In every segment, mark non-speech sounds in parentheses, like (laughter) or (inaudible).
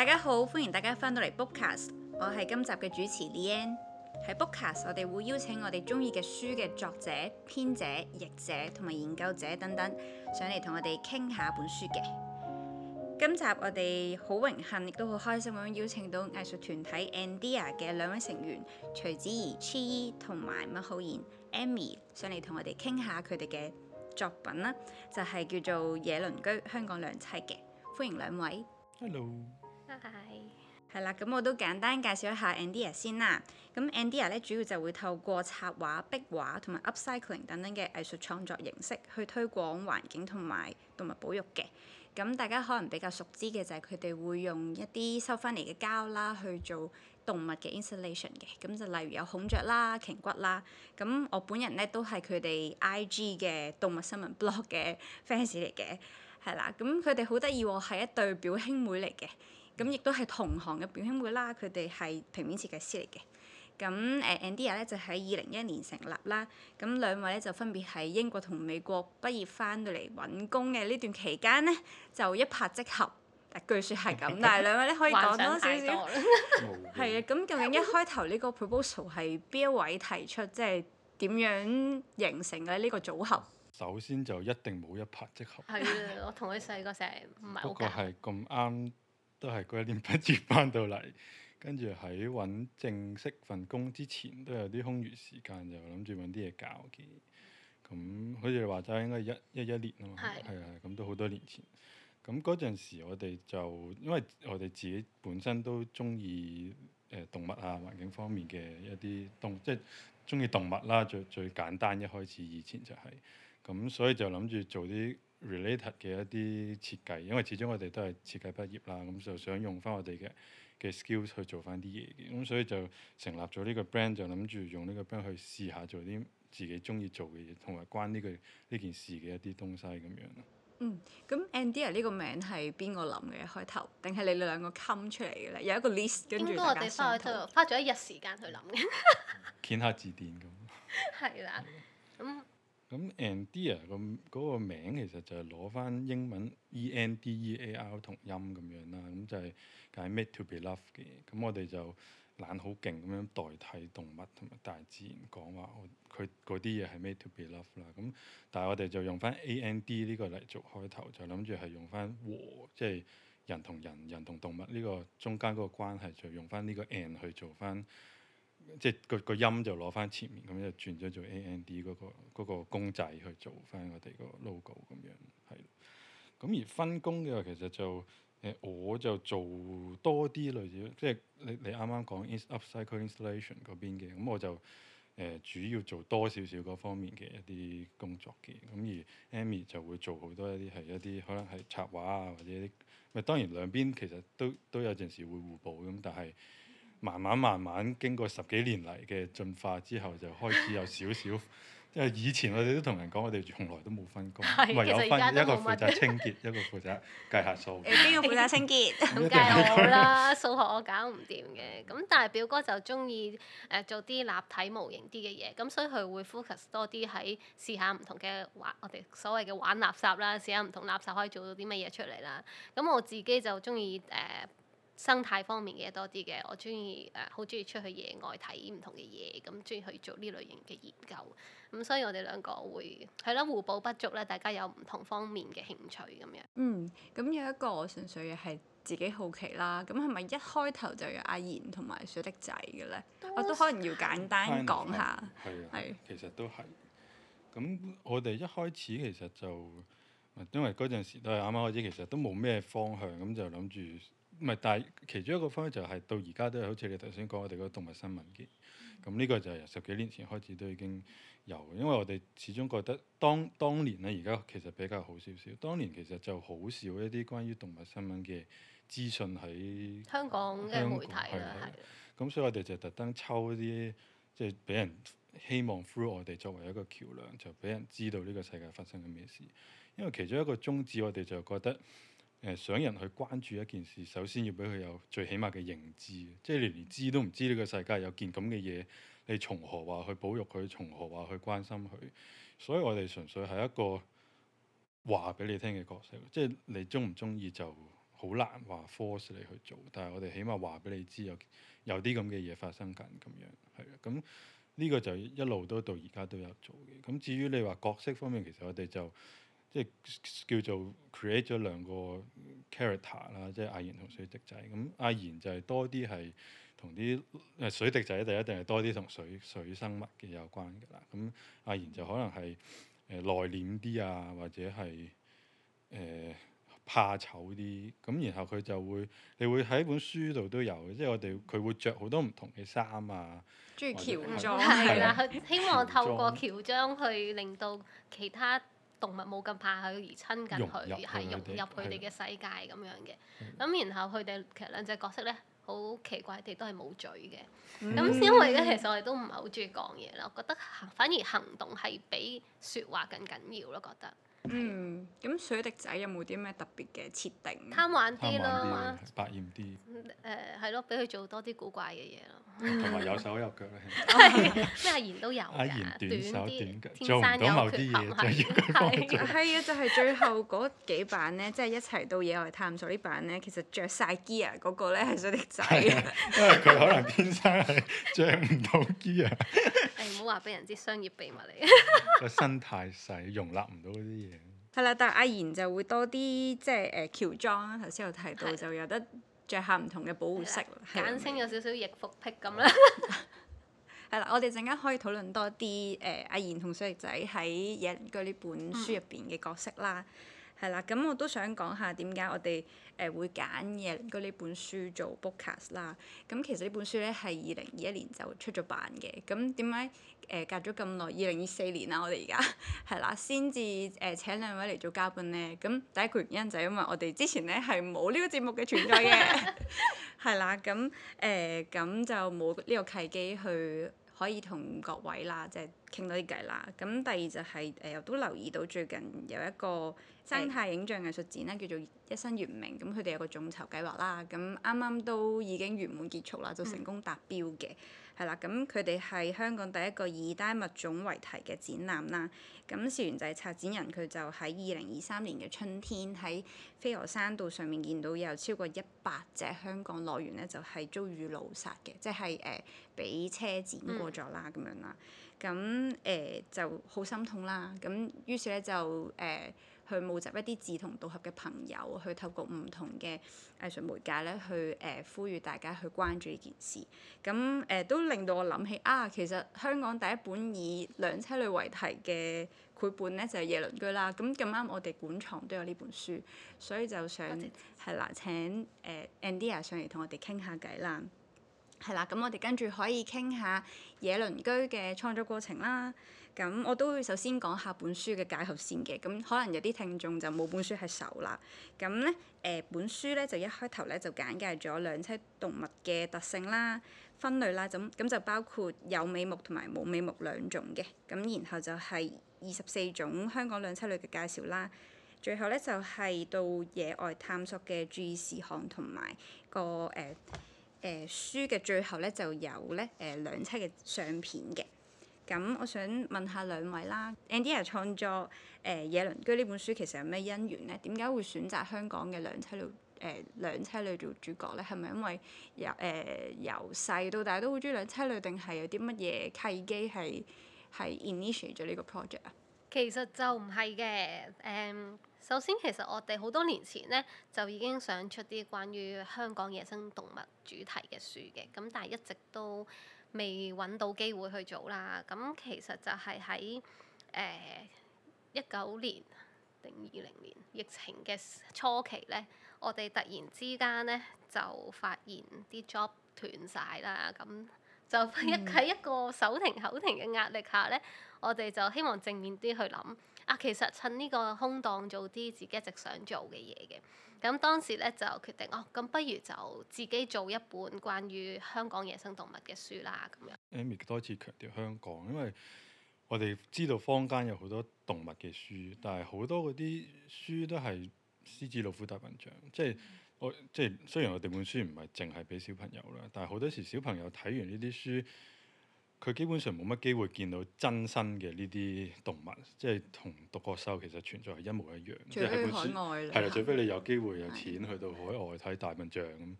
大家好，歡迎大家返到嚟 Bookcast，我係今集嘅主持 Leanne。喺 Bookcast，我哋會邀請我哋中意嘅書嘅作者、編者、譯者同埋研究者等等上嚟同我哋傾下本書嘅。今集我哋好榮幸，亦都好開心咁樣邀請到藝術團體 &dear 嘅兩位成員徐梓飴 Cheeyee 同埋麥澔然 Aimee 上嚟同我哋傾下佢哋嘅作品啦，就係、是、叫做《野鄰居——香港兩棲》嘅，歡迎兩位。Hello。係啦，咁 Hi. 我都簡單介紹一下 &dear 先啦。咁 &dear 咧主要就會透過插畫、壁畫同埋 upcycling 等等嘅藝術創作形式去推廣環境同埋動物保育嘅。咁大家可能比較熟知嘅就係佢哋會用一啲收翻嚟嘅膠啦去做動物嘅 installation 嘅。咁就例如有孔雀啦、鷹骨啦。咁我本人咧都係佢哋 IG 嘅動物新聞 blog 嘅 fans 嚟嘅，係啦。咁佢哋好得意喎，係一對表兄妹嚟嘅。咁亦都係同行嘅表兄妹啦，佢哋係平面設計師嚟嘅。咁、嗯、誒 &dear 咧就喺二零一一年成立啦。咁、嗯、兩位咧就分別喺英國同美國畢業返到嚟揾工嘅呢段期間咧，就一拍即合。據説係咁，但係兩位咧可以講 (laughs) 多少少許？係 (laughs) (laughs) 啊，咁究竟一開頭呢個 proposal 係邊一位提出？即係點樣形成嘅呢、呢個組合首先就一定冇一拍即合。係啊 (laughs) 我同佢細個成日唔係 O K。 (laughs) 不過係咁啱。都係嗰一年畢業翻到嚟，跟住喺揾正式份工之前，都有啲空餘時間，就諗住揾啲嘢搞嘅。咁好似你話齋，應該一一一年啊嘛，係啊是，咁都好多年前。咁嗰陣時我，我哋就因為我哋自己本身都中意誒動物啊、環境方面嘅一啲動，即係中意動物啦、就是啊。最最簡單，一開始以前就係、是、咁，所以就諗住做啲。related 嘅一啲設計，因為始終我哋都係設計畢業啦，咁就想用翻我哋嘅嘅 skills 去做翻啲嘢，咁所以就成立咗呢個 brand，就諗住用呢個 brand 去試下做啲自己中意做嘅嘢，同埋關呢、呢個呢件事嘅一啲東西咁樣。嗯，咁 &dear 呢個名係邊個諗嘅？開頭定係你哋兩個 come 出嚟嘅咧？有一個 list 跟住大家上圖。經過我哋花咗花咗一日時間去諗嘅。鉛 (laughs) 下字典咁。係、嗯、啦，咁 (laughs) 的。 (laughs) 嗯咁 anddear 個名其實就係攞翻英文 E-N-D-E-A-R 同音咁樣啦，咁就係係 made to be loved 嘅。咁我哋就懶好勁咁樣代替動物同埋大自然講話，佢嗰啲嘢係 made to be loved 啦。咁但係我哋就用翻 A-N-D 呢個嚟做開頭，就諗住係用翻、就係、和，即係人同人、人同動物呢個中間嗰個關係，就用翻呢個 and 去做翻。即係個個音就攞翻前面咁就轉咗做 AND、那、嗰、個那個公仔去做翻我哋個 logo 咁樣，係。咁、嗯、而分工嘅話，其實就誒、呃、我就做多啲類似，即係你你啱啱講 is upcycle installation 嗰邊嘅，咁、嗯、我就誒、呃、主要做多少少嗰方面嘅一啲工作嘅。咁、嗯、而 Amy 就會做好多一啲係一啲可能係插畫啊或者啲，咪當然兩邊其實都都有陣時會互補咁、嗯，但係。慢慢慢慢經過十幾年嚟嘅進化之後，就開始有少少， (laughs) 因為以前我哋都同人講，我哋從來都冇分工，唯有分有一個負責清潔， (laughs) 一個負責計下數。邊個負責清潔？梗係好啦， (laughs) 數學我搞唔掂嘅。咁但係表哥就中意誒做啲立體模型啲嘅嘢，咁所以佢會 focus 多啲喺試下唔同嘅玩，我哋所謂嘅玩垃圾啦，試下唔同垃圾可以做到啲乜嘢出嚟啦。咁我自己就中意誒，生態方面嘅多啲嘅，我中意誒，好中意出去野外睇唔同嘅嘢，咁中意去做呢類型嘅研究。咁、嗯、所以我哋兩個會係咯，互補不足咧。大家有唔同方面嘅興趣咁樣。嗯，咁、嗯、有一個我純粹嘅係自己好奇啦。咁係咪一開頭就有阿言同埋水滴仔嘅咧？我多數、哦、都可能要簡單講下。係啊。係。其實都係。咁我哋一開始其實就因為嗰陣時都係啱啱開始，其實都冇咩方向，咁就諗住。唔係，但係其中一個方法就係到而家都係好似你頭先講，我哋嗰動物新聞嘅。咁呢、嗯、個就係由十幾年前開始都已經有，因為我哋始終覺得當當年咧，而家其實比較好少少。當年其實就好少一啲關於動物新聞嘅資訊喺香港嘅媒體啦，係。咁所以我哋就特登抽一啲，即係俾人希望 through 我哋作為一個橋梁，就俾人知道呢個世界發生緊咩事。因為其中一個宗旨，我哋就覺得。誒想人去關注一件事，首先要俾佢有最起碼嘅認知，即係你連知都唔知呢個世界有件咁嘅嘢，你從何話去保育佢？從何話去關心佢？所以我哋純粹係一個話俾你聽嘅角色，即係你中唔中意就好難話 force 你去做。但係我哋起碼話俾你知有有啲咁嘅嘢發生緊，咁樣係。咁呢個就一路都到而家都有做嘅。咁至於你話角色方面，其實我哋就即係叫做 create 咗兩個 character 啦，即係阿言同水滴仔。咁阿言就係多啲係同啲誒水滴仔，定一定係多啲同水水生物嘅有關嘅啦。咁、嗯、阿言就可能係誒、呃、內斂啲啊，或者係誒、呃、怕醜啲。咁然後佢就會你會喺本書度都有，嘅。即係我哋佢會着好多唔同嘅衫啊。中意喬裝係啦，希望透過喬裝去令到其他動物冇咁怕佢而親近佢，而係融入佢哋嘅世界咁樣嘅。咁的然後佢哋其實兩隻角色咧，好奇怪地都係冇嘴嘅。咁、嗯、因為咧，其實我哋都唔係好鍾意講嘢啦，我覺得反而行動係比説話更緊要咯，覺得。嗯，咁水滴仔有冇啲咩特別嘅設定？貪玩啲咯，百厭啲。誒，係咯、呃，俾佢做多啲古怪嘅嘢咯。同埋、嗯、有手有腳嘅。係，百厭 (laughs) 都有啊。短手短腳，做唔到某啲嘢，就要佢幫助。係啊，就係、是、最後嗰幾版呢，即係 (laughs) 一齊到野外探索呢版呢，其實著晒 gear 嗰個呢，係水滴仔、啊。因為佢可能天生係著唔到 gear。誒、 (laughs) 欸，唔好話俾人知商業秘密嚟。個 (laughs) 身太細，容納唔到嗰啲嘢。係啦， (music) 但阿言就會多啲即係誒喬裝啦。頭先有提到了就有得着下唔同嘅保護色，了簡稱有少少逆服癖咁啦。易服癖係啦，我哋陣間可以討論多啲誒、呃、阿言同水滴仔喺《野鄰居》呢本書入邊嘅角色啦。嗯係啦，咁我都想講下點解我哋誒、呃、會揀嘢嗰呢本書做 bookcast 啦。咁其實呢本書咧係二零二一年就出咗版嘅。咁點解誒隔咗咁耐，二零二四年啦，我哋而家係啦，先至誒請兩位嚟做嘉賓咧。咁第一個原因就係因為我哋之前咧係冇呢個節目嘅存在嘅，係啦。 (laughs) 咁誒咁就冇呢個契機去可以同各位啦，即係傾多啲偈啦。咁第二就係、是、誒，又、呃、都留意到最近有一個生態影像藝術展咧叫做一生月明，咁佢哋有個眾籌計劃啦。咁啱啱都已經圓滿結束啦，就成功達標嘅係啦。咁佢哋係香港第一個以單物種為題嘅展覽啦。咁、嗯、事源就係策展人佢就喺二零二三年嘅春天，喺飛鵝山道上面見到有超過一百隻香港樂園咧就係遭遇路殺嘅，即係誒俾車輾過咗啦咁樣啦。咁誒、嗯呃、就好心痛啦。咁於是咧就誒。呃去募集一啲志同道合嘅朋友，去透過唔同嘅藝術媒介咧，去誒、呃、呼籲大家去關注呢件事。咁誒、呃、都令到我諗起啊，其實香港第一本以兩棲類為題嘅繪本咧，就係、是《野鄰居》啦。咁咁啱，我哋館藏都有呢本書，所以就想係謝謝 啦，請誒、呃、&dear 上嚟同我哋傾下偈啦。係啦，咁我哋跟住可以傾下野鄰居嘅創作過程啦。咁我都會首先講下本書嘅介紹先嘅。咁可能有啲聽眾就冇本書係手啦。咁咧，誒、呃、本書咧就一開頭咧就簡介咗兩棲動物嘅特性啦、分類啦。咁咁就包括有尾目同埋冇尾目兩種嘅。咁然後就係二十四種香港兩棲類嘅介紹啦。最後咧就係、是、到野外探索嘅注意事項同埋、那個誒。呃誒、呃、書嘅最後咧就有咧誒、呃、兩棲嘅相片嘅，咁、嗯、我想問下兩位啦。&dear 創作誒、呃《野鄰居》呢本書其實有咩因緣咧？點解會選擇香港嘅兩棲類誒、呃、兩棲類做主角咧？係咪因為、呃、由誒由細到大都好中意兩棲類，定係有啲乜嘢契機係係 initiate 咗呢個 project 啊？其實就唔係嘅，誒、um。首先，其實我哋好多年前呢，就已經想出啲關於香港野生動物主題嘅書嘅，咁但係一直都未揾到機會去做啦。咁其實就係喺誒一九年定二零年疫情嘅初期呢，我哋突然之間呢，就發現啲 job 斷晒啦。咁就一喺一個手停口停嘅壓力下呢，我哋就希望正面啲去諗。啊，其實趁呢個空檔做啲自己一直想做嘅嘢嘅，咁當時咧就決定哦，咁不如就自己做一本關於香港野生動物嘅書啦，咁樣。Aimee 多次強調香港，因為我哋知道坊間有好多動物嘅書，嗯、但係好多嗰啲書都係獅子老虎大笨象，即係、嗯、我即係雖然我哋本書唔係淨係俾小朋友啦，但係好多時小朋友睇完呢啲書。佢基本上冇乜機會見到真身嘅呢啲動物，即係同獨角獸其實存在係一模一樣。除非海外，係啊，外的除非你有機會有錢的去到海外睇大笨象咁。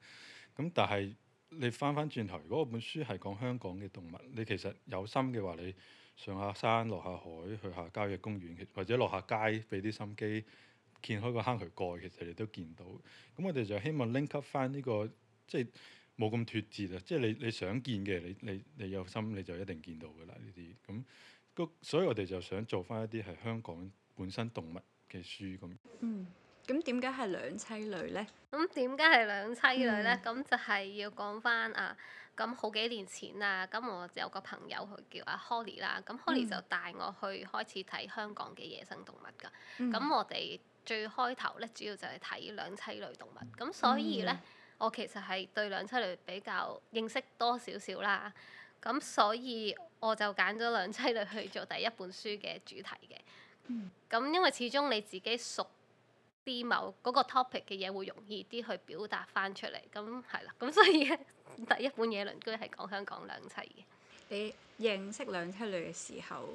咁的但係你翻翻轉頭，如果本書係講香港嘅動物，你其實有心嘅話，你上下山、落下，下海、去下郊野公園，或者落下，下街，俾啲心機，見開個坑渠蓋，其實你都見到。咁我哋就希望 link up 翻呢個，即係。冇咁脫節啊！即係你你想見嘅，你你你有心你就一定見到嘅啦。呢啲咁個，所以我哋就想做翻一啲係香港本身動物嘅書咁。嗯，咁點解係兩棲類咧？咁點解係兩棲類咧？咁、嗯、就係要講翻啊！咁好幾年前啊，咁我就有個朋友佢叫阿 Holly 啦，咁 Holly、嗯、就帶我去開始睇香港嘅野生動物㗎。咁、嗯、我哋最開頭咧，主要就係睇兩棲類動物。咁、嗯、所以咧。嗯我其實係對兩棲類比較認識多少少啦，咁所以我就揀咗兩棲類去做第一本書嘅主題嘅。咁因為始終你自己熟啲某嗰、那個 topic 嘅嘢會容易啲去表達返出嚟，咁係啦，咁所以第一本《野鄰居》係講香港兩棲嘅。你認識兩棲類嘅時候，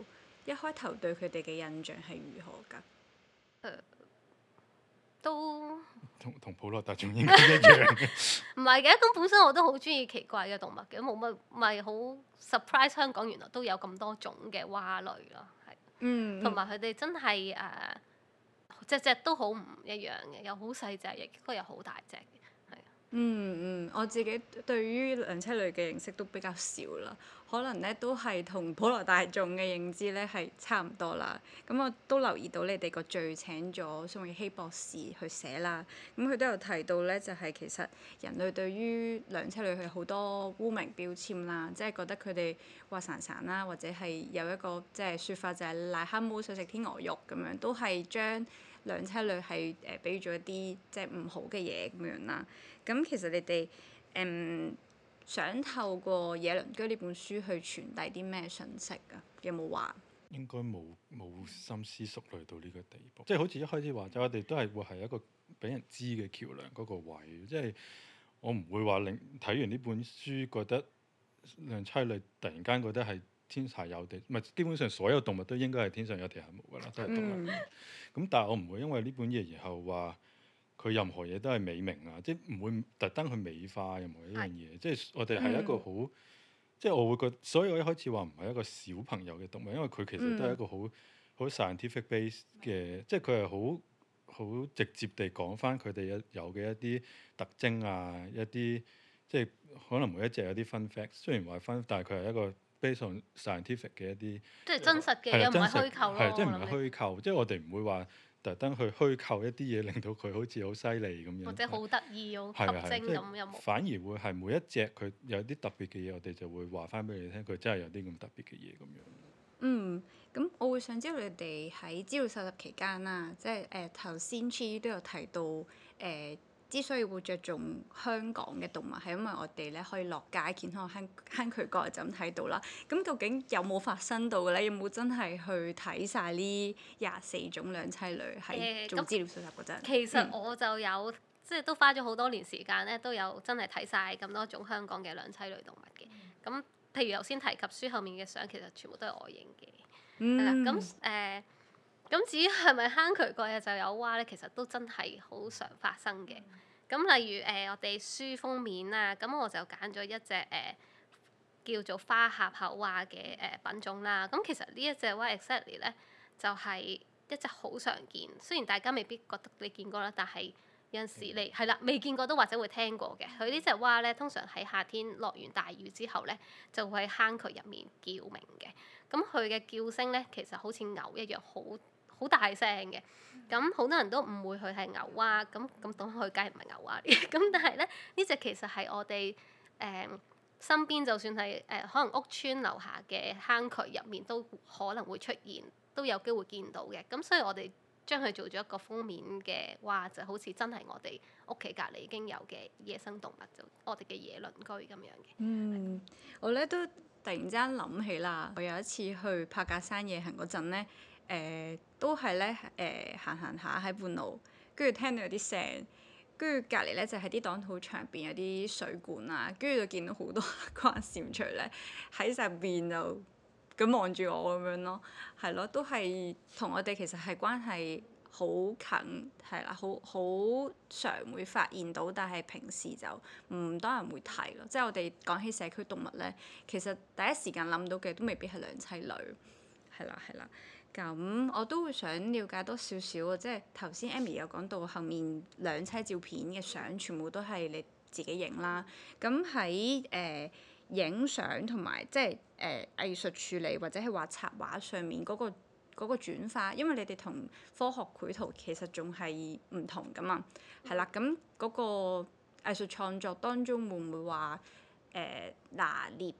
一開頭對佢哋嘅印象係如何㗎？呃都同普羅大眾應該一樣嘅，唔係嘅。咁本身我都好中意奇怪嘅動物嘅，冇乜咪好 surprise。香港原來都有咁多種嘅蛙類咯，係。嗯。同埋佢哋真係誒，隻、啊、隻都好唔一樣嘅，又好細隻，亦都有好大隻。嗯嗯，我自己對於兩棲類嘅認識都比較少啦，可能咧都係同普羅大眾嘅認知咧係差唔多啦。咁、嗯、我都留意到你哋個序請咗宋亦希博士去寫啦，咁、嗯、佢都有提到咧，就係、是、其實人類對於兩棲類係好多污名標籤啦，即係覺得佢哋滑潺潺啦，或者係有一個即係説法就係癩蛤蟆想食天鵝肉咁樣，都係將。兩棲類係誒俾咗一啲即係唔好嘅嘢咁樣啦。咁其實你哋誒、嗯、想透過野鄰居呢本書去傳遞啲咩信息啊？有冇話？應該冇冇深思熟慮到呢個地步，即係、嗯、好似一開始話就我哋都係會係一個俾人知嘅橋梁嗰個位，即、就、係、是、我唔會話令睇完呢本書覺得兩棲類突然間覺得係。天上有地，唔係基本上所有動物都應該係天上有地下冇㗎啦，都係動物。咁、嗯嗯、但係我唔會因為呢本嘢然後話佢任何嘢都係美名啊，即係唔會特登去美化任何一樣嘢。哎、即係我哋係一個好，嗯、即係我會覺得，所以我一開始話唔係一個小朋友嘅動物，因為佢其實都係一個好好、嗯、scientific base 嘅，即係佢係好好直接地講返佢哋有嘅一啲特徵啊，一啲即係可能每一隻有啲 fun fact，雖然話 fun，但係佢係一個。非常 scientific 嘅一啲，即係真實嘅，對又唔係虛構咯。係即係唔係虛構，即係我哋唔會話特登去虛構一啲嘢，令到佢好似好犀利咁樣，或者好得意好特徵咁。是有冇反而會係每一隻佢有啲特別嘅嘢，我哋就會話翻俾你聽，佢真係有啲咁特別嘅嘢咁樣。嗯，咁我會想知道你哋喺資料收集期間啦，即係誒頭先 Cheeyee 都有提到誒。呃之所以會着重香港嘅動物，係因為我哋咧可以落街見，可以喺坑渠蓋就咁睇到啦。咁究竟有冇發生到嘅咧？有冇真係去睇晒呢廿四種兩棲類喺做資料搜集嗰陣，嗯嗯？其實我就有，即係都花咗好多年時間咧，都有真係睇晒咁多種香港嘅兩棲類動物嘅。咁、嗯、譬如頭先提及書後面嘅相，其實全部都係我影嘅。嗯。咁誒，咁、呃、至於係咪坑渠蓋嘅就有蛙咧？其實都真係好常發生嘅。嗯咁例如誒、呃，我哋書封面啊，咁我就揀咗一隻誒、呃、叫做花合口蛙狹嘅誒、呃、品種啦。咁其實呢一隻蛙 exactly 咧，就係、是、一隻好常見，雖然大家未必覺得你見過啦，但係有陣時你係啦，未見過都或者會聽過嘅。佢呢隻蛙咧，通常喺夏天落完大雨之後咧，就會喺坑渠入面叫鳴嘅。咁佢嘅叫聲咧，其實好似牛一樣，好好大聲嘅。咁好多人都誤會佢係牛蛙，咁咁當佢梗係唔係牛蛙。咁但係咧，呢隻其實係我哋誒、呃、身邊，就算係誒、呃、可能屋村樓下嘅坑渠入面都可能會出現，都有機會見到嘅。咁所以我哋將佢做咗一個封面嘅蛙，就好似真係我哋屋企隔籬已經有嘅野生動物，就我哋嘅野鄰居咁樣嘅。嗯、吧我咧都突然之間諗起啦，我有一次去柏架山夜行嗰陣咧。誒、呃、都係咧，誒行行下喺半路，跟住聽到、就是、有啲聲，跟住隔離咧就喺啲擋土牆入邊有啲水管啊，跟住就見到好多昆蟲出嚟喺上邊就咁望住我咁樣咯，係咯，都係同我哋其實係關係好近，係啦，好好常會發現到，但係平時就唔多人會提咯。即係我哋講起社區動物咧，其實第一時間諗到嘅都未必係兩棲類，係啦，係啦。咁我都會想了解多少少即係頭先 Amy 有講到後面兩張照片嘅相，全部都係你自己影啦。咁喺誒影相同埋即係誒、呃、藝術處理或者係畫插畫上面嗰、嗰個嗰、嗰個、轉化，因為你哋同科學繪圖其實仲係唔同噶嘛，係、嗯、啦。咁嗰個藝術創作當中會唔會話誒、呃、拿捏？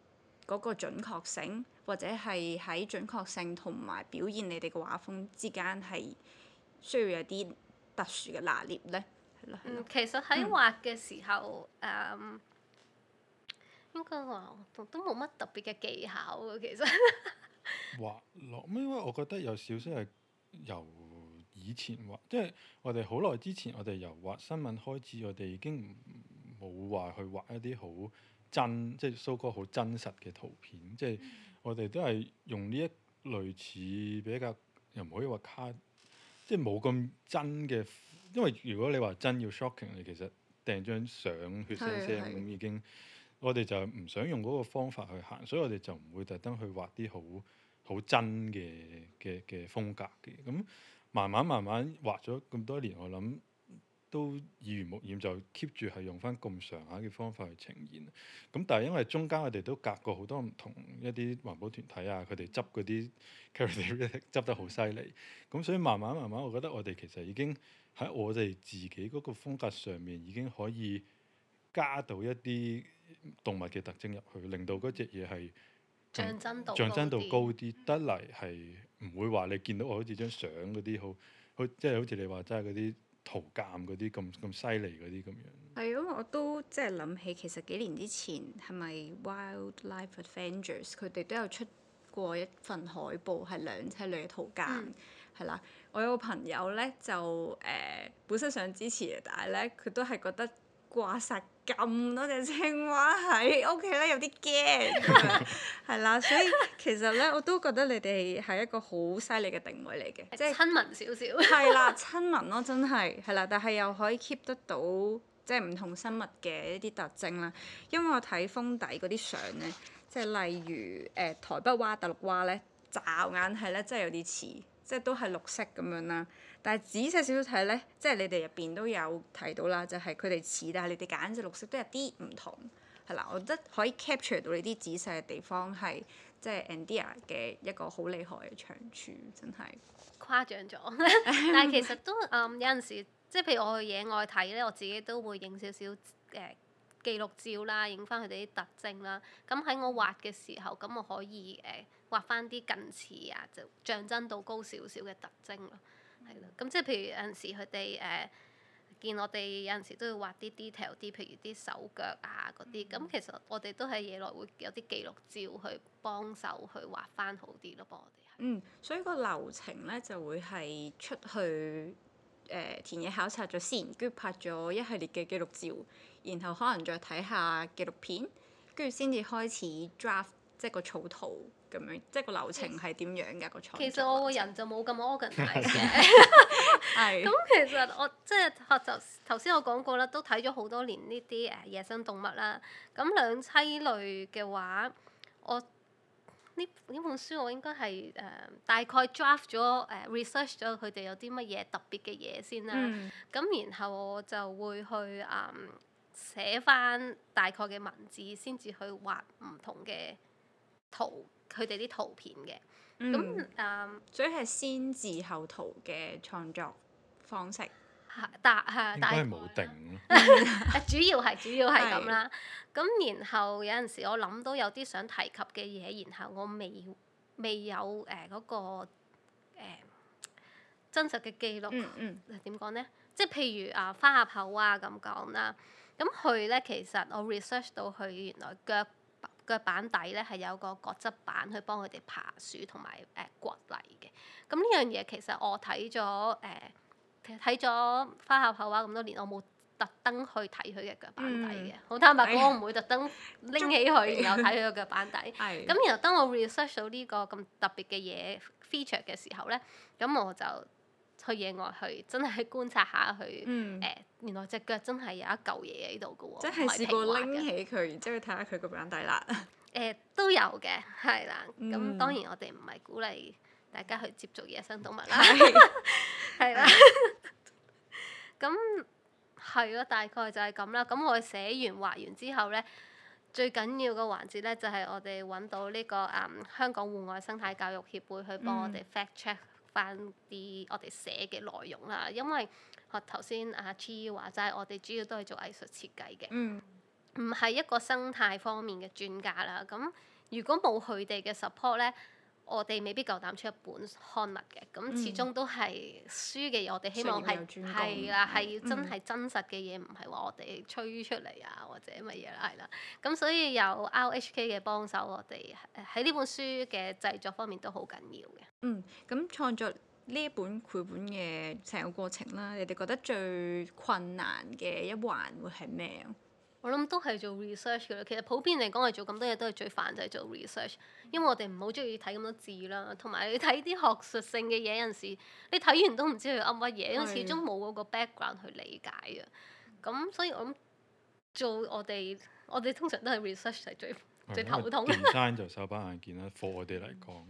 嗰個準確性，或者係喺準確性同埋表現你哋嘅畫風之間，係需要有啲特殊嘅拿捏咧。係咯。嗯，其實喺畫嘅時候，嗯，應該話都冇乜特別嘅技巧嘅，其實 (laughs) 畫落，因為我覺得有少少係由以前畫，即係我哋好耐之前，我哋由畫新聞開始，我哋已經冇話去畫一啲好。真即係搜哥好真實嘅圖片，即係我哋都係用呢一類似比較又唔可以話卡，即係冇咁真嘅。因為如果你話真要 shocking，你其實掟張相血腥啲，咁是、嗯、已經我哋就唔想用嗰個方法去行，所以我哋就唔會特登去畫啲好好真嘅嘅嘅風格嘅。咁、嗯、慢慢慢慢畫咗咁多年，我諗。都義無反顧就 keep 住係用翻咁上下嘅方法去呈現。咁但係因為中間我哋都隔過好多唔同一啲環保團體啊，佢哋執嗰啲 character 執得好犀利。咁所以慢慢慢慢，我覺得我哋其實已經喺我哋自己嗰個風格上面已經可以加到一啲動物嘅特徵入去，令到嗰隻嘢係象真度象真度高啲，得嚟係唔會話你見到我好似張相嗰啲好好，即係好似你話齋嗰啲。圖鑑嗰啲咁咁犀利嗰啲咁樣，係因為我都即係諗起，其實幾年之前係咪 Wildlife Avengers，佢哋都有出過一份海報，係兩棲類嘅圖鑑，係啦，嗯，我有個朋友咧就誒、呃、本身想支持，但係咧佢都係覺得掛曬。咁多隻青蛙喺屋企咧，有啲驚，係啦。 (laughs) 所以其實咧，我都覺得你哋係一個好犀利嘅定位嚟嘅，即係、 (laughs) 就是、親民少少。係 (laughs) 啦，親民咯，真係係啦，但係又可以 keep 得到即係唔同生物嘅一啲特徵啦。因為我睇封底嗰啲相咧，即、就、係、是、例如誒、呃、台北蛙、大陸蛙咧，乍眼睇咧真係有啲似。即係都係綠色咁樣啦，但係仔細少少睇呢，即係你哋入邊都有提到啦，就係佢哋似，但係你哋揀隻綠色都有啲唔同，係啦，我覺得可以 capture 到你啲仔細嘅地方係即係 &dear 嘅一個好厲害嘅長處，真係誇獎張咗。 (laughs) 但係其實都、嗯、 (laughs) 有陣時，即係譬如我去野外睇呢，我自己都會影少少誒。呃記錄照啦，影翻佢哋啲特徵啦。咁喺我畫嘅時候，咁我可以誒、呃、畫翻啲近似啊，就象徵度高少少嘅特徵咯。係咯、嗯，咁即係譬如有陣時佢哋誒見我哋有陣時都要畫啲 detail 啲，譬如啲手腳啊嗰啲。咁、嗯、其實我哋都係嘢來會有啲記錄照去幫手去畫翻好啲咯，幫我哋。嗯，所以個流程呢就會係出去。誒、嗯、田野考察咗先，跟住拍咗一系列嘅紀錄照，然後可能再睇下紀錄片，跟住先至開始 draft 即係個草圖咁樣，即係個流程係點樣㗎個創作？其實我個人就冇咁 organize 嘅，係。咁其實我即係學習頭先我講過啦，都睇咗好多年呢啲誒野生動物啦。咁兩棲類嘅話，我。呢呢本書我應該係誒大概 draft 咗誒、uh, research 咗佢哋有啲乜嘢特別嘅嘢先啦，咁、嗯、然後我就會去誒寫翻大概嘅文字，先至去畫唔同嘅圖，佢哋啲圖片嘅，咁誒、嗯 um, 所以係先字後圖嘅創作方式。但係，但係冇定咯。係主要係是 (laughs) 主要係咁啦。咁然後有陣時我諗到有啲想提及嘅嘢，然後我未未有誒嗰、呃那個、呃、真實嘅記錄。點講、嗯嗯、呢？即係譬如啊，花狹口啊咁講啦。咁佢呢，其實我 research 到佢原來腳腳板底呢，係有個角質板去幫佢哋爬樹同埋誒掘泥嘅。咁呢樣嘢其實我睇咗誒。呃睇咗花狹口蛙咁多年，我冇特登去睇佢嘅腳板底嘅。好、嗯、坦白講，我唔會特登拎起佢，然後睇佢嘅腳板底。咁、嗯、然後當我 research 到呢個咁特別嘅嘢 feature 嘅時候咧，咁我就去野外去真係觀察下佢。誒、嗯，原來隻腳真係有一嚿嘢喺度㗎喎。即係試過拎起佢，然之後睇下佢腳板底啦。誒、嗯，都、嗯、有嘅，係啦。咁當然我哋唔係鼓勵。大家去接觸野生動物啦，係啦。咁係咯，大概就係咁啦。咁我寫完畫完之後呢，最緊要個環節呢，就係、是、我哋揾到呢、呢個啊、嗯、香港戶外生態教育協會去幫我哋 fact check 翻啲我哋寫嘅內容啦，嗯、因為頭先阿 G 話就係我哋主要都係做藝術設計嘅，唔係、嗯、一個生態方面嘅專家啦。咁如果冇佢哋嘅 support 呢，我哋未必夠膽出一本刊物嘅，咁始終都係書嘅嘢。我哋希望係係啦，係、嗯、真係真實嘅嘢，唔係話我哋吹出嚟啊或者乜嘢啦，係啦。咁所以有 L H K 嘅幫手，我哋喺呢本書嘅製作方面都好緊要嘅。嗯，咁創作呢本繪本嘅成個過程啦，你哋覺得最困難嘅一環會係咩啊？我諗都係做 research 嘅，其實普遍嚟講，我做咁多嘢都係最煩就係、是、做 research，因為我哋唔好中意睇咁多字啦，同埋你睇啲學術性嘅嘢有陣時，你睇完都唔知佢噏乜嘢，因為始終冇嗰個 background 去理解嘅。咁是所以我諗做我哋，我哋通常都係 research 係最是最頭痛。design (laughs) 就手板眼見啦，for 我哋嚟講，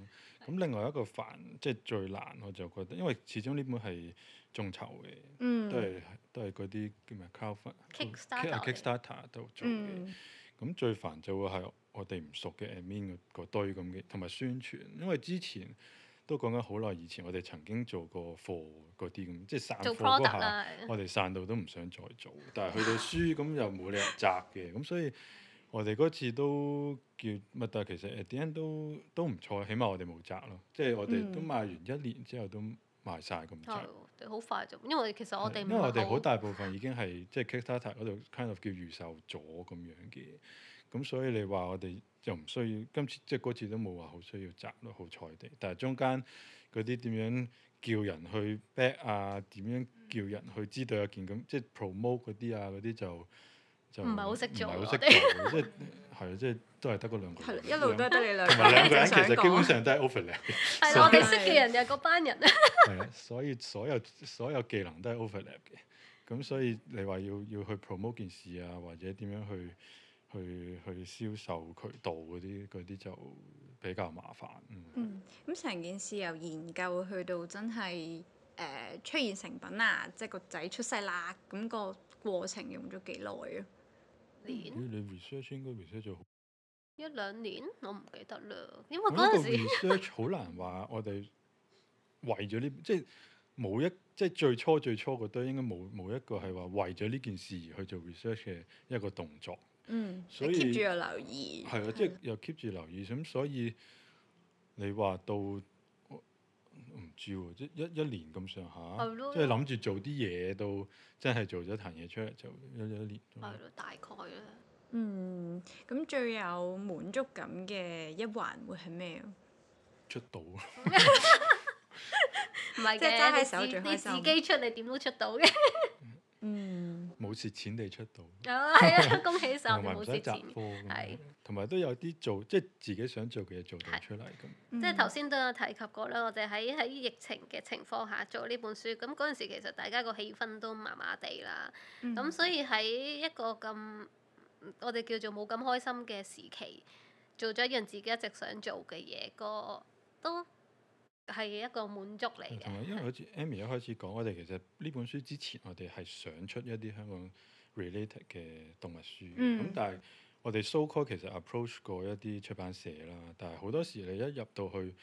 咁是另外一個煩即係、就是、最難，我就覺得，因為始終呢本係眾籌嘅，都係都係嗰啲叫咩？Kickstarter 啊，Kickstarter 都做嘅。咁最煩就會係我哋唔熟嘅 admin 個堆咁嘅，同埋宣傳。因為之前都講緊好耐，以前我哋曾經做過貨嗰啲咁，即係散貨嗰下，我哋散到都唔想再做。但係去到書咁又冇理由摘嘅，咁所以我哋嗰次都叫乜？但係其實點樣都都唔錯，起碼我哋冇摘咯。即係我哋都賣、嗯嗯、完一年之後都。賣晒咁多，好快就。因為其實我哋因為我哋好大部分已經係即係、就是、Kickstarter 嗰度 kind of 叫預售咗咁樣嘅，咁所以你話我哋就唔需要今次即係嗰次都冇話好需要摘咯，好彩地。但係中間嗰啲點樣叫人去 back 啊？點樣叫人去知道一件咁即係 promote 嗰啲啊嗰啲就。唔係好識做，唔係好識做，即係係啊，即係都係得嗰兩個。一路都係得你兩個。同埋兩個人其實基本上都係 overlap 嘅。係我哋識嘅人嘅嗰班人。係啊，所以所有所有技能都係 overlap 嘅。咁所以你話要要去 promote 件事啊，或者點樣去去去銷售渠道嗰啲嗰啲就比較麻煩。嗯，咁成、嗯嗯、件事由研究去到真係誒、呃、出現成品啊，即、就、係、是、個仔出世啦，咁、那個過程用咗幾耐啊？年你 research 應該 research 咗一兩年，我唔記得啦。因為嗰陣時，research 好 (laughs) 難話，我哋為咗呢，即係冇一，即係最初最初覺得應該冇冇一個係話為咗呢件事而去做 research 嘅一個動作。嗯，所以 keep 住有留意，係啊，即係又 keep 住留意，咁 (laughs) 所以你話到。唔知喎，即一一年咁上下，的即係諗住做啲嘢都，真係做咗壇嘢出嚟，就一一年。係咯，大概啦。嗯，咁最有滿足感嘅一環會係咩？出到。唔 (laughs) 係 (laughs) 的即係揸喺手最開心。你自己出嚟點都出到嘅。 (laughs) 嗯。冇蝕錢地出到，啊，啊，恭喜晒， (laughs) 同埋唔同埋都有啲做即係、就是、自己想做嘅嘢做到出嚟咁，是嗯、即係頭先都有提及過啦。我哋喺喺疫情嘅情況下做呢本書，咁嗰陣時其實大家個氣氛都麻麻地啦。咁、嗯、所以喺一個咁我哋叫做冇咁開心嘅時期，做咗一樣自己一直想做嘅嘢，個都，係一個滿足嚟嘅，因為好似 Aimee 一開始講，我哋其實呢本書之前，我哋係想出一啲香港 related 嘅動物書。咁、嗯、但係我哋 so call 其實 approach 過一啲出版社啦，但係好多時你一入到去，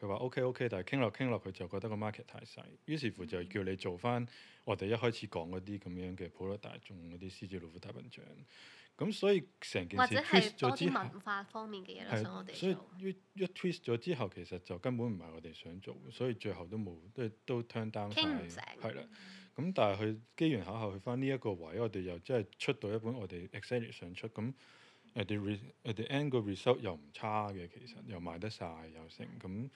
佢話 OK OK，但係傾落傾落，佢就覺得個 market 太細，於是乎就叫你做翻我哋一開始講嗰啲咁樣嘅普羅大眾嗰啲獅子老虎大笨象。咁所以成件事或者係多啲文化方面嘅嘢嚟，想我哋做。所以一 twist 咗之後，其實就根本唔係我哋想做，所以最後都冇，都都 turn down 曬。係啦。咁、嗯嗯、但係佢機緣巧合去翻呢一個位，我哋又真係出到一本我哋 exciting 想出，咁 at the re at the end 個 result 又唔差嘅，其實又，又賣得晒，又成。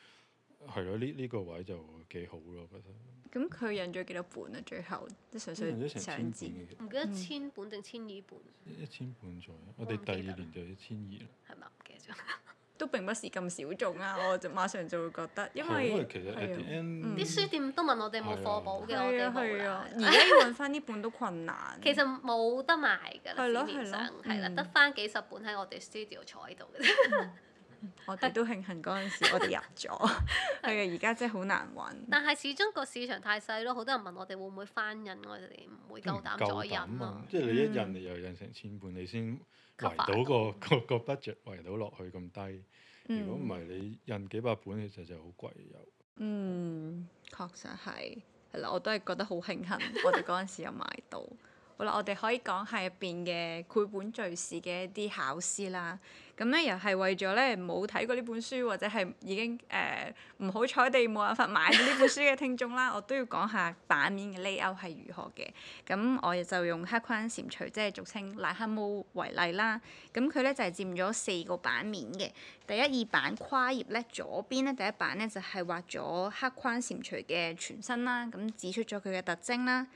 係咯，呢呢個位就幾好咯，覺得。咁佢印咗幾多本啊？最後，即上上上千，唔記得千本定千二本。一千本左右，我哋第二年就一千二啦。係咪？唔記得咗，都並不是咁小眾啊！我就馬上就會覺得，因為其實啲書店都問我哋冇貨補嘅，我哋冇啊。而家要揾翻呢本都困難。其實冇得賣㗎啦，市面上係啦，得翻幾十本喺我哋 studio 坐喺度。 (laughs) 我哋都慶幸嗰陣時， (laughs) 我哋入咗，係 (laughs) 啊！而家真係好難揾。但係始終個市場太細咯，好多人問我哋會唔會翻印，我哋唔會夠膽再印咯、啊。嗯、即係你一印你又印成千本，你先圍到、嗰個、嗯、個,個 budget 圍到落去咁低。如果唔係你印幾百本，其實就好貴又。嗯，確實係係啦，我都係覺得好慶幸， (laughs) 我哋嗰陣時有買到。好啦，我哋可以講下入邊嘅繪本敍事嘅一啲巧思啦。咁、嗯、咧又係為咗咧冇睇過呢本書或者係已經誒唔好彩地冇辦法買到呢本書嘅聽眾啦， (laughs) 我都要講下版面嘅 layout 係如何嘅。咁、嗯、我亦就用黑框蟾蜍，即係俗稱癩黑毛為例啦。咁佢咧就係、是、佔咗四個版面嘅。第一二版跨頁咧，左邊咧第一版咧就係、是、畫咗黑框蟾蜍嘅全身啦，咁、嗯、指出咗佢嘅特徵啦。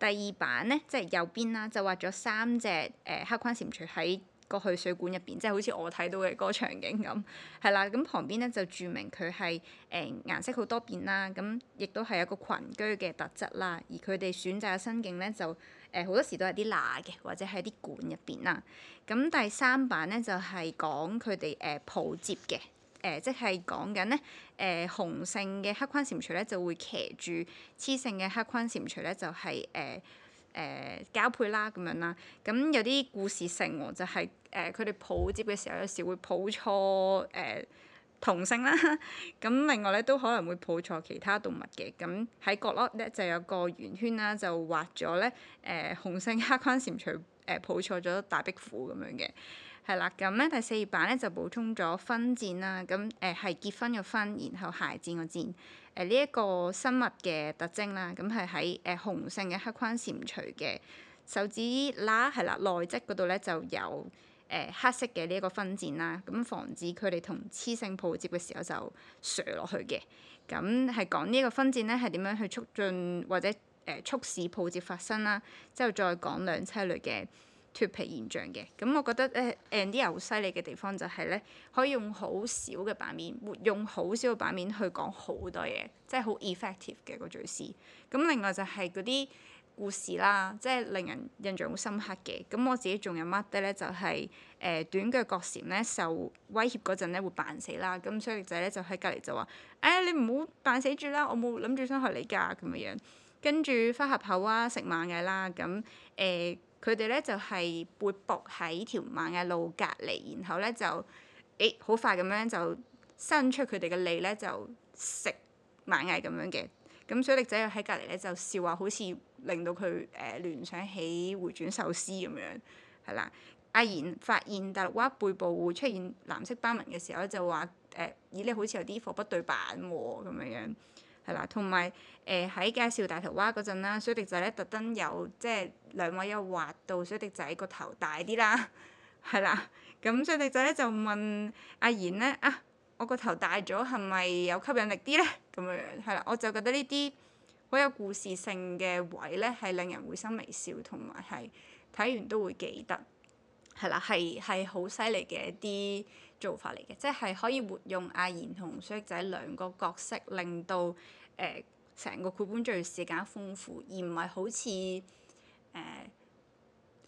第二版咧，即係右邊啦，就畫咗三隻誒、呃、黑眶蟾蜍喺個去水管入邊，即、就、係、是、好似我睇到嘅嗰個場景咁，係 (laughs) 啦。咁旁邊咧就註明佢係誒顏色好多變啦，咁亦都係有個群居嘅特質啦。而佢哋選擇嘅生境咧就誒好、呃、多時都係啲罅嘅，或者係啲管入邊啦。咁第三版咧就係、是、講佢哋誒抱接嘅。呃誒、呃、即係講緊咧，誒、呃、雄性嘅黑眶蟾蜍咧就會騎住雌性嘅黑眶蟾蜍咧，就係誒誒交配啦咁樣啦。咁有啲故事性喎、哦，就係誒佢哋抱接嘅時候，有時會抱錯誒同、呃、性啦。咁 (laughs) 另外咧都可能會抱錯其他動物嘅。咁喺角落咧就有個圓圈啦，就畫咗咧誒雄性黑眶蟾蜍誒抱錯咗大壁虎咁樣嘅。係啦，咁咧第四版咧就補充咗婚墊啦，咁誒係結婚嘅婚，然後鞋墊嘅墊，誒呢一個生物嘅特徵啦，咁係喺誒雄性嘅黑框蟾蜍嘅手指罅係、呃、啦，內側嗰度咧就有誒、呃、黑色嘅呢一個婚墊啦，咁防止佢哋同雌性抱接嘅時候就錘落去嘅。咁係講呢一個婚墊咧係點樣去促進或者誒、呃、促使抱接發生啦，之後再講兩棲類嘅。脫皮現象嘅，咁我覺得咧，&dear 好犀利嘅地方就係咧，可以用好少嘅版面，用好少嘅版面去講好多嘢，即係好 effective 嘅個敘事。咁另外就係嗰啲故事啦，即係令人印象好深刻嘅。咁我自己仲有 mark 低咧，就係、是、誒、呃、短腳角蟾咧受威脅嗰陣咧會扮死啦，咁水滴仔咧就喺隔籬就話：誒、欸、你唔好扮死住啦，我冇諗住傷害你㗎咁樣樣。跟住花狹口啊，食螞蟻啦，咁誒。呃佢哋咧就係背搏喺條螞蟻路隔離，然後咧就誒好、欸、快咁樣就伸出佢哋嘅脷咧就食螞蟻咁樣嘅，咁水滴仔喺隔離咧就笑話好似令到佢誒、呃、聯想起回轉壽司咁樣，係啦。阿、啊、言發現大陸蛙背部會出現藍色斑紋嘅時候咧就話誒，咦你好似有啲貨不對板喎咁樣樣。係啦，同埋誒喺介紹大頭蛙嗰陣啦，水滴仔咧特登有即係兩位有畫到水滴仔個頭大啲啦，係 (laughs) 啦，咁水滴仔就問阿言咧啊，我個頭大咗係咪有吸引力啲咧？咁樣樣係啦，我就覺得呢啲好有故事性嘅位咧係令人會心微笑，同埋係睇完都會記得，係啦，係係好犀利嘅一啲做法嚟嘅，即係可以活用阿言同水滴仔兩個角色，令到誒成、呃、個繪本仲要時間豐富，而唔係好似誒、呃、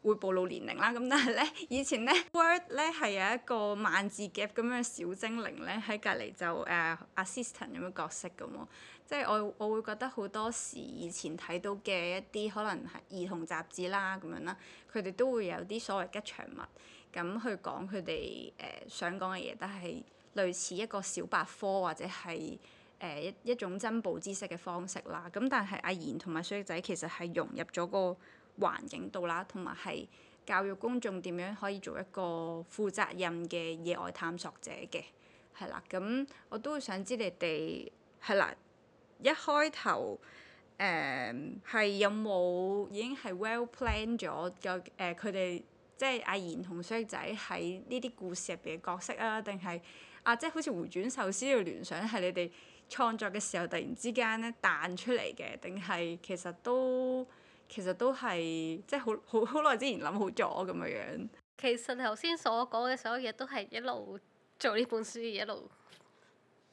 會暴露年齡啦。咁 (laughs) 但係咧，以前咧 Word 咧係有一個萬字夾咁樣嘅小精靈咧喺隔籬就誒、呃、assistant 咁嘅角色咁喎。 (laughs) 即係我我會覺得好多時以前睇到嘅一啲可能係兒童雜誌啦咁樣啦，佢哋都會有啲所謂吉祥物咁去講佢哋誒想講嘅嘢，但係類似一個小百科或者係。誒一、呃、一種增補知識嘅方式啦，咁但係阿言同埋水滴仔其實係融入咗個環境度啦，同埋係教育公眾點樣可以做一個負責任嘅野外探索者嘅，係啦。咁我都會想知你哋係啦，一開頭誒係有冇已經係 well plan 咗究竟誒佢哋即係阿言同水滴仔喺呢啲故事入邊嘅角色啊，定係啊即係好似回轉壽司嘅聯想係你哋，創作嘅時候突然之間呢彈出嚟嘅，定係其實都其實都係即係好好耐之前諗好咗咁嘅樣。其實頭先所講嘅所有嘢都係一路做呢本書一路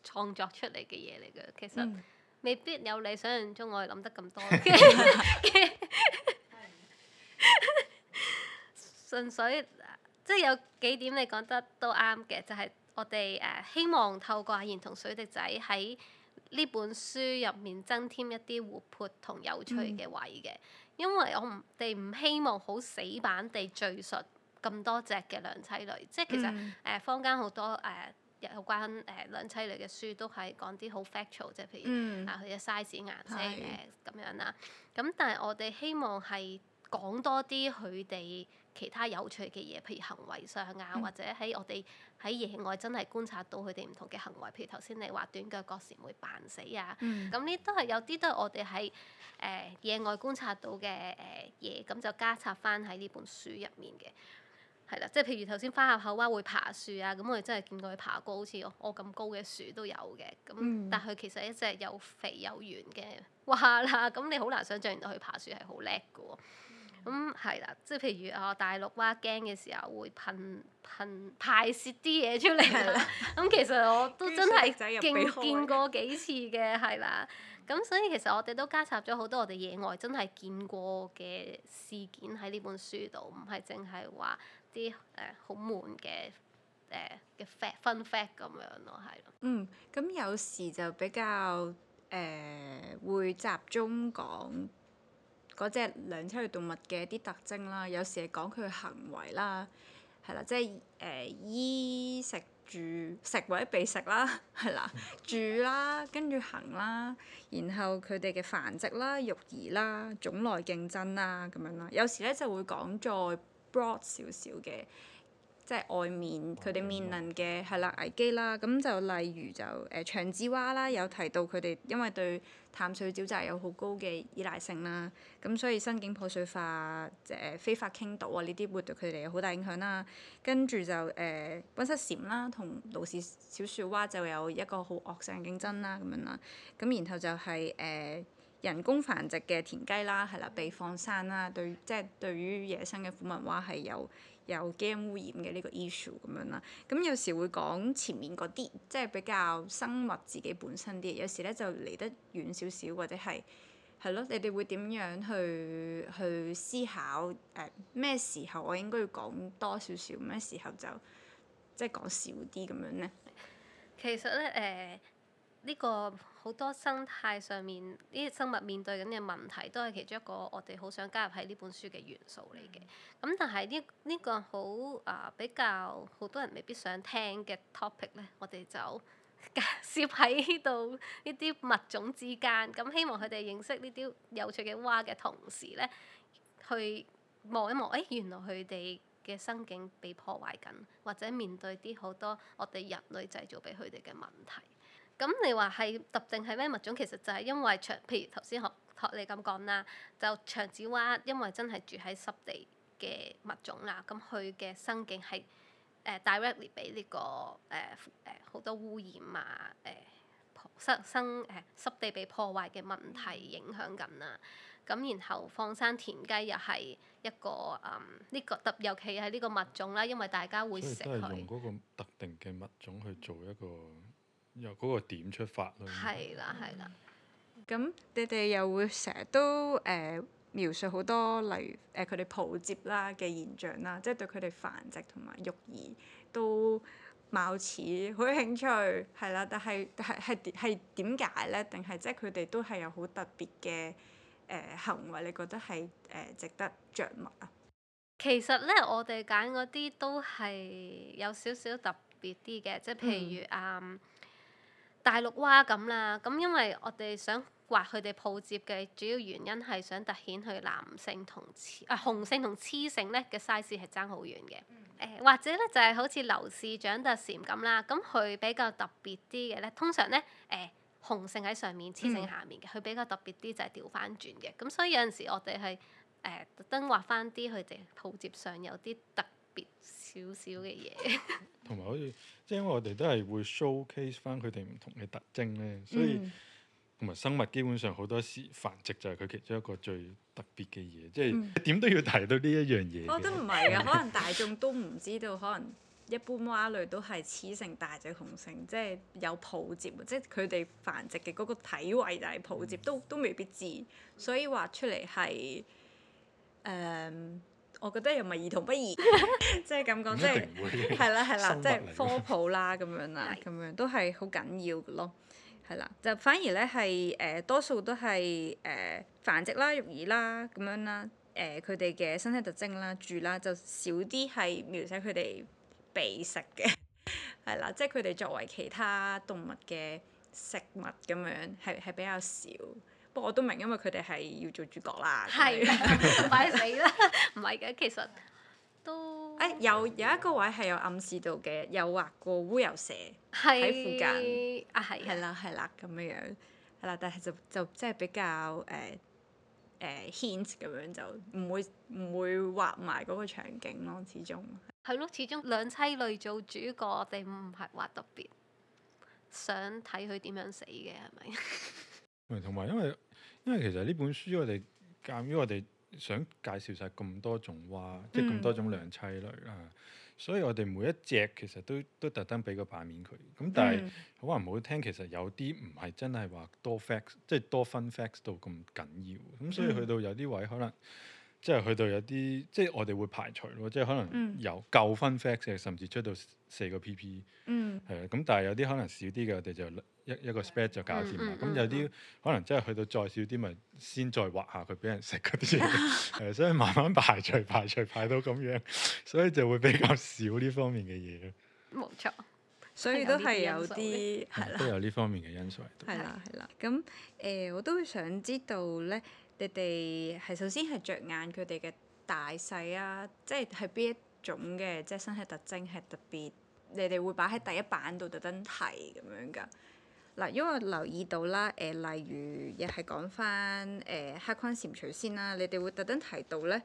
創作出嚟嘅嘢嚟嘅，其實未必有你想象中我哋諗得咁多嘅。 (laughs) (laughs) (laughs) 純粹即係有幾點你講得都啱嘅，就係，是。我哋誒、啊、希望透過阿言同水滴仔喺呢本書入面增添一啲活潑同有趣嘅位嘅，嗯、因為我哋唔希望好死板地敍述咁多隻嘅兩棲類，即其實誒、嗯呃、坊間好多誒、呃、有關誒、呃、兩棲類嘅書都係講啲好 factual，即譬如佢嘅、嗯呃、size、顏色誒咁樣啦。咁但係我哋希望係講多啲佢哋。其他有趣嘅嘢，譬如行為上啊，或者喺我哋喺野外真係觀察到佢哋唔同嘅行為，譬如頭先你話短腳角蟾會扮死啊，咁呢、嗯、都係有啲都係我哋喺誒野外觀察到嘅誒嘢，咁、呃、就加插翻喺呢本書入面嘅。係啦，即係譬如頭先花狹口蛙會爬樹啊，咁我哋真係見過佢爬高，好似我咁高嘅樹都有嘅。咁、嗯、但佢其實一隻又肥又圓嘅蛙啦，咁你好難想像原來佢爬樹係好叻㗎喎。咁係啦，即係譬如我大陸蛙，驚嘅時候會噴噴排泄啲嘢出嚟啦。咁其實我都真係見見過幾次嘅，係啦。咁所以其實我哋都加插咗好多我哋野外真係見過嘅事件喺呢本書度，唔係淨係話啲誒好悶嘅誒嘅 fun fact 咁樣咯，係咯。嗯，咁有時就比較誒、呃、會集中講。嗰隻兩棲類動物嘅一啲特徵啦，有時係講佢嘅行為啦，係啦，即係誒衣食住食或者被食啦，係啦，住啦，跟住行啦，然後佢哋嘅繁殖啦、育兒啦、種內競爭啦咁樣啦，有時咧就會講再 broad 少少嘅。即係外面佢哋、哦、面臨嘅係、嗯、啦危機啦，咁就例如就誒、呃、長趾蛙啦，有提到佢哋因為對淡水沼澤有好高嘅依賴性啦，咁所以生境破碎化誒、就是呃、非法傾倒啊呢啲會對佢哋有好大影響啦。跟住就誒温、呃、室蟾啦同盧氏小樹蛙就有一個好惡性競爭啦咁樣啦。咁然後就係、是、誒、呃、人工繁殖嘅田雞啦，係啦被放生啦，對即係對，對於野生嘅虎紋蛙係有。有 game 污染嘅呢個 issue 咁樣啦，咁、嗯、有時會講前面嗰啲，即係比較生物自己本身啲，有時咧就離得遠少少，或者係係咯，你哋會點樣去去思考誒咩、呃、時候我應該要講多少少，咩時候就即係講少啲咁樣咧？其實咧誒呢、呃這個。好多生態上面呢啲生物面對緊嘅問題，都係其中一個我哋好想加入喺呢本書嘅元素嚟嘅。咁但係呢呢個好啊、呃、比較好多人未必想聽嘅 topic 呢，我哋就介紹喺度呢啲物種之間，咁、嗯、希望佢哋認識呢啲有趣嘅蛙嘅同時呢，去望一望，誒、哎、原來佢哋嘅生境被破壞緊，或者面對啲好多我哋人類製造俾佢哋嘅問題。咁、嗯、你話係特定係咩物種？其實就係因為長，譬如頭先學學你咁講啦，就長子蛙，因為真係住喺濕地嘅物種啦。咁佢嘅生境係誒、呃、directly 俾呢、這個誒誒好多污染啊誒生生誒濕地被破壞嘅問題影響緊啦。咁、嗯、然後放生田雞又係一個嗯呢、這個特尤其係呢個物種啦，因為大家會食佢它。即係都係用嗰個特定嘅物種去做一個。由嗰個點出發咯，係啦，係啦。咁、嗯、你哋又會成日都誒、呃、描述好多，例如誒佢哋抱接啦嘅現象啦，即係對佢哋繁殖同埋育兒都貌似好興趣，係啦。但係係係點係點解咧？定係即係佢哋都係有好特別嘅誒、呃、行為？你覺得係誒、呃、值得着墨啊？其實咧，我哋揀嗰啲都係有少少特別啲嘅，即係譬如啊。嗯嗯大陸蛙咁啦，咁因為我哋想畫佢哋抱接嘅主要原因係想突顯佢男性同雌啊雄性同雌性呢嘅 size 係爭好遠嘅，誒、嗯呃、或者呢就係好似劉氏掌突蟾咁啦，咁佢比較特別啲嘅呢，通常呢誒雄、呃、性喺上面，雌性下面嘅，佢比較特別啲就係掉翻轉嘅，咁、嗯嗯、所以有陣時我哋係誒特登畫翻啲佢哋抱接上有啲特。少少嘅嘢，同埋好似即係因為我哋都係會 showcase 翻佢哋唔同嘅特徵咧，所以同埋、嗯、生物基本上好多時繁殖就係佢其中一個最特別嘅嘢，即係點、嗯、都要提到呢一樣嘢。我覺得唔係啊， (laughs) 可能大眾都唔知道，可能一般蛙類都係雌性大隻性，雄性即係有抱接即係佢哋繁殖嘅嗰個體位就係抱接，嗯、都都未必知，所以畫出嚟係誒。嗯我覺得又唔係兒童不宜，即係咁講，即係係啦係啦，啦即係科普啦咁樣啦，咁樣都係好緊要嘅咯，係啦，就反而咧係誒多數都係誒、呃、繁殖啦、育兒啦咁樣啦，誒佢哋嘅身體特徵啦、住啦，就少啲係描寫佢哋被食嘅，係 (laughs) 啦，即係佢哋作為其他動物嘅食物咁樣，係係比較少。不過我都明，因為佢哋係要做主角啦。係，快死啦！唔係嘅，其實都誒、欸、有有一個位係有暗示到嘅，有畫過烏有蛇喺的附近啊，係係啦係啦咁樣樣，係啦，但係就就即係比較誒誒、uh, uh, hint 咁樣，就唔會唔會畫埋嗰個場景咯，始終係咯，始終兩棲類做主角，我哋唔係畫特別想睇佢點樣死嘅，係咪？ (laughs) 同埋，因為因為其實呢本書我哋鑒於我哋想介紹晒咁多種蛙，即係咁多種兩棲類啊、嗯，所以我哋每一隻其實都都特登俾個版面佢。咁但係、嗯、好話唔好聽，其實有啲唔係真係話多 facts 即係多 fun facts 到咁緊要。咁所以去到有啲位可能，嗯可能即係去到有啲，即、就、係、是、我哋會排除咯，即係可能由夠分 factor 甚至出到四個 PP，係啦、嗯。咁但係有啲可能少啲嘅，我哋就一一個 spare 就搞掂啦。咁、嗯嗯、有啲可能真係去到再少啲，咪先再畫下佢俾人食嗰啲嘢。係、嗯，的所以慢慢排除 (laughs) 排除，排，除排到咁樣，所以就會比較少呢方面嘅嘢。冇錯，所以都係有啲係啦，嗯、對都有呢方面嘅因素喺度。係啦係啦，咁誒我都會想知道咧。你哋係首先係着眼佢哋嘅大細啊？即係係邊一種嘅，即係身體特徵係特別，你哋會擺喺第一版度特登提咁樣㗎。嗱、啊，因為我留意到啦，誒、呃，例如亦係講返誒黑眶蟾蜍先啦、啊，你哋會特登提到咧。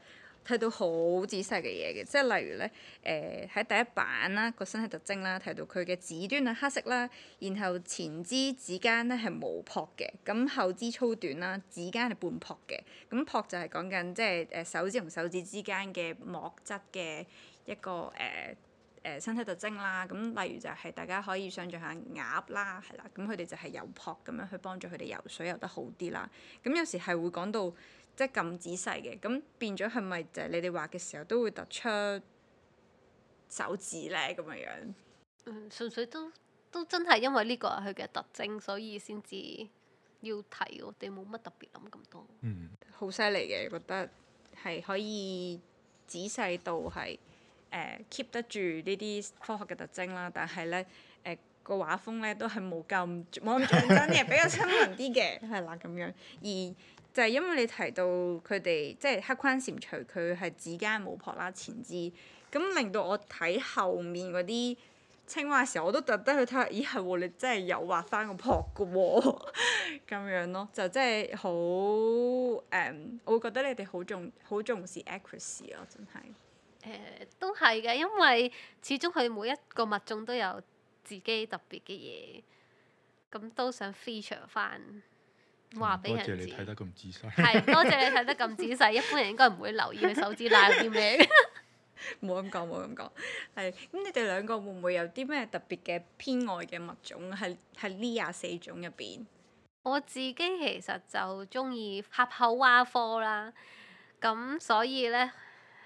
睇到好仔細嘅嘢嘅，即係例如咧，誒、呃、喺第一版啦，個身體特徵啦，提到佢嘅指端係黑色啦，然後前肢指間咧係冇蹼嘅，咁後肢粗短啦，指間係半蹼嘅，咁蹼就係講緊即係誒手指同手指之間嘅膜質嘅一個誒誒、呃呃、身體特徵啦，咁例如就係大家可以想象下鴨啦，係啦，咁佢哋就係有蹼咁樣去幫助佢哋游水游得好啲啦，咁有時係會講到。即係咁仔細嘅，咁變咗係咪就係你哋畫嘅時候都會突出手指咧咁樣樣？嗯，純粹都都真係因為呢個係佢嘅特徵，所以先至要睇，我哋冇乜特別諗咁多。嗯，好犀利嘅，覺得係可以仔細到係誒 keep 得住呢啲科學嘅特徵啦。但係咧誒個畫風咧都係冇咁冇咁像真嘅， (laughs) 比較親民啲嘅，係啦咁樣而。就係因為你提到佢哋，即係黑框蟾蜍，佢係指間冇蹼啦前肢，咁令到我睇後面嗰啲青蛙嘅時候，我都特登去睇下，咦係喎，你真係有畫翻個蹼噶喎，咁 (laughs) 樣咯，就真係好誒，um, 我會覺得你哋好重好重視 accuracy 咯，真係。誒，都係嘅，因為始終佢每一個物種都有自己特別嘅嘢，咁都想 feature 翻。話俾哇人知，係是多謝你睇得咁仔細。 (laughs) 一般人應該唔會留意佢手指拉啲咩。冇咁講，冇咁講。係咁，你哋兩個會唔會有啲咩特別嘅偏愛嘅物種？係係呢廿四種入邊，我自己其實就中意合口蛙科啦。咁所以咧，誒、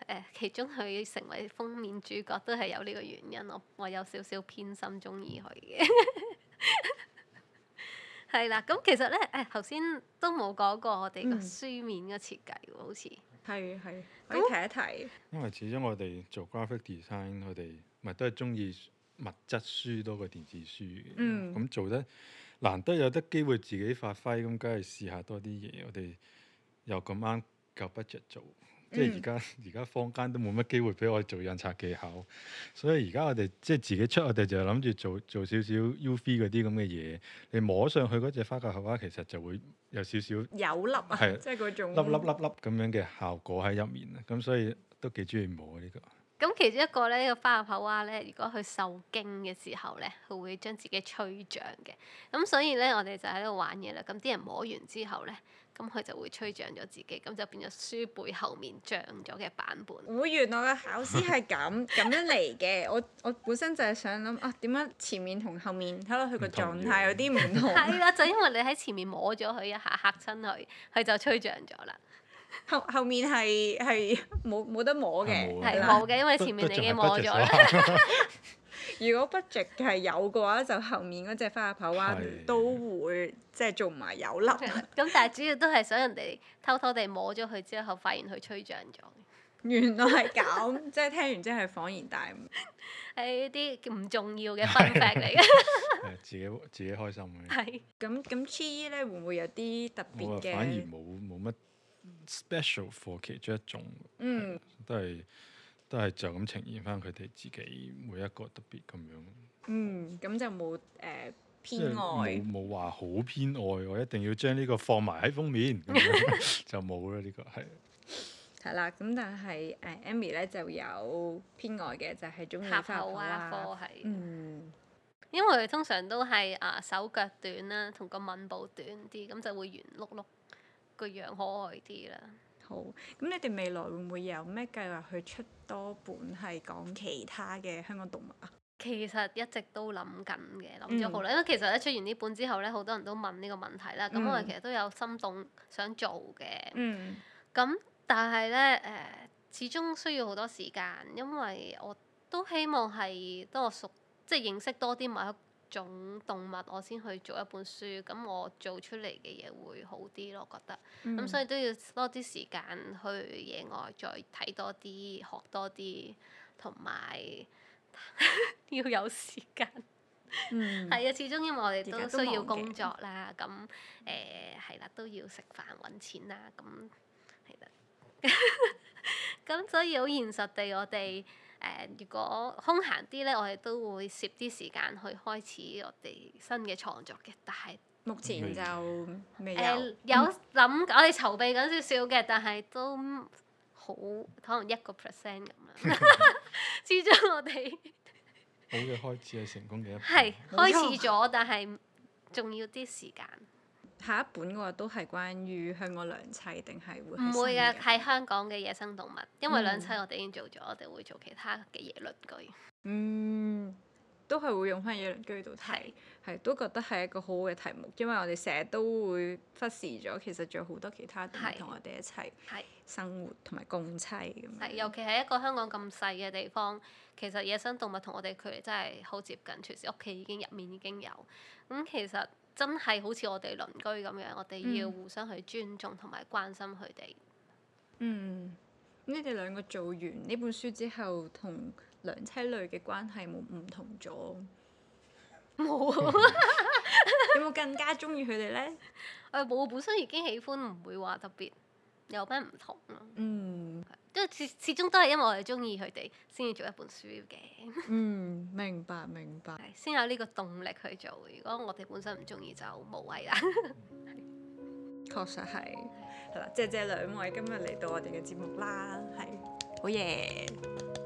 呃、其中佢成為封面主角都係有呢個原因。我我有少少偏心中意佢嘅。 (laughs) 係啦，咁其實咧，誒、頭先都冇講過我哋個書面嘅設計喎，好似係係可以提一提。因為始終我哋做 graphic design，佢哋咪都係中意物質書多過電子書嘅。咁、嗯、做得難得有得機會自己發揮，咁梗係試下多啲嘢。我哋又咁啱夾 budget 做。即係而家，而家坊間都冇乜機會俾我做印刷技巧，所以而家我哋即係自己出我，我哋就諗住做做少少 UV 嗰啲咁嘅嘢。你摸上去嗰隻花狹口蛙，其實就會有少少有粒啊，是即係嗰種粒粒粒粒咁樣嘅效果喺入面啊。咁所以都幾中意摸呢個。咁其中一個咧，呢個花狹口蛙咧，如果佢受驚嘅時候咧，佢會將自己吹脹嘅。咁所以咧，我哋就喺度玩嘢啦。咁啲人摸完之後咧。咁佢就會吹漲咗自己，咁就變咗書背後面漲咗嘅版本。會原來個構思係咁咁樣嚟嘅 (laughs) 我我本身就係想諗啊，點解前面同後面睇落去個狀態有啲唔同。係啦、 (laughs) (laughs) 啊，就因為你喺前面摸咗佢一下，嚇親佢，佢就吹漲咗啦。後後面係係冇冇得摸嘅，冇嘅，因為前面你已經摸咗啦。 (laughs) 如果 budget 係有嘅話，就後面嗰隻花狹口蛙都會即係的做埋有粒。咁但係主要都係想人哋偷偷地摸咗佢之後，發現佢吹脹咗。原來係咁，即係 (laughs) 聽完之後恍然大悟，係呢啲唔重要嘅 fun fact 嚟嘅。係 (laughs) 自己自己開心嘅。咁咁咁 Cheeyee 咧，會唔會有啲特別嘅、哦？反而冇冇乜 special for 其中一種。嗯。都係、嗯。都係就咁呈現翻佢哋自己每一個特別咁樣。嗯，咁就冇誒、呃、偏愛。冇冇話好偏愛，我一定要將呢個放埋喺封面， (laughs) 就冇啦。這個嗯呃 Amy、呢個係。係啦，咁但係誒 Amy 咧就有偏愛嘅，就係中意狹口科啦。嗯，因為佢通常都係啊手腳短啦，同個吻部短啲，咁就會圓碌碌個樣可愛啲啦。好，咁你哋未來會唔會有咩計劃去出多本係講其他嘅香港動物啊？其實一直都諗緊嘅，諗咗好耐。嗯、因為其實呢出完呢本之後呢，好多人都問呢個問題啦。咁我哋其實都有心動想做嘅。咁、嗯、但係呢，誒、呃，始終需要好多時間，因為我都希望係多熟，即係認識多啲，咪喺。種動物我先去做一本書，咁我做出嚟嘅嘢會好啲咯，我覺得。咁、嗯、所以都要多啲時間去野外，再睇多啲，學多啲，同埋 (laughs) 要有時間。係啊、嗯， (laughs) 始終因為我哋都需要工作啦，咁誒係啦，都要食飯搵錢啦，咁係啦。咁 (laughs) 所以好現實地，我哋。誒、呃，如果空閒啲呢，我哋都會攝啲時間去開始我哋新嘅創作嘅。但係目前就未有、呃。嗯、有諗，我哋籌備緊少少嘅，但係都好可能一個 percent 咁樣。 (laughs) (laughs) 始終我哋好嘅開始係成功嘅一步。係開始咗，但係仲要啲時間。下一本嘅話都係關於是是香港兩棲定係會唔會嘅？係香港嘅野生動物，因為兩棲我哋已經做咗，嗯、我哋會做其他嘅野鄰居。嗯，都係會用翻野鄰居度睇，係是都覺得係一個好好嘅題目，因為我哋成日都會忽視咗，其實仲有好多其他動物同我哋一齊生活同埋共棲咁樣。尤其係一個香港咁細嘅地方，其實野生動物同我哋距離真係好接近，隨時屋企已經入面已經有，咁、嗯、其實。真係好似我哋鄰居咁樣，我哋要互相去尊重同埋關心佢哋。嗯，你哋兩個做完呢本書之後，同兩棲類嘅關係冇唔同咗？冇，有冇更加中意佢哋呢、呃？我本身已經喜歡，唔會話特別有咩唔同咯。嗯。始終都始始終都係因為我哋中意佢哋，先至做一本書嘅。嗯，明白明白。係，先有呢個動力去做。如果我哋本身唔中意，就無謂啦。確實係，係啦，謝謝兩位今日嚟到我哋嘅節目啦，係，好嘢。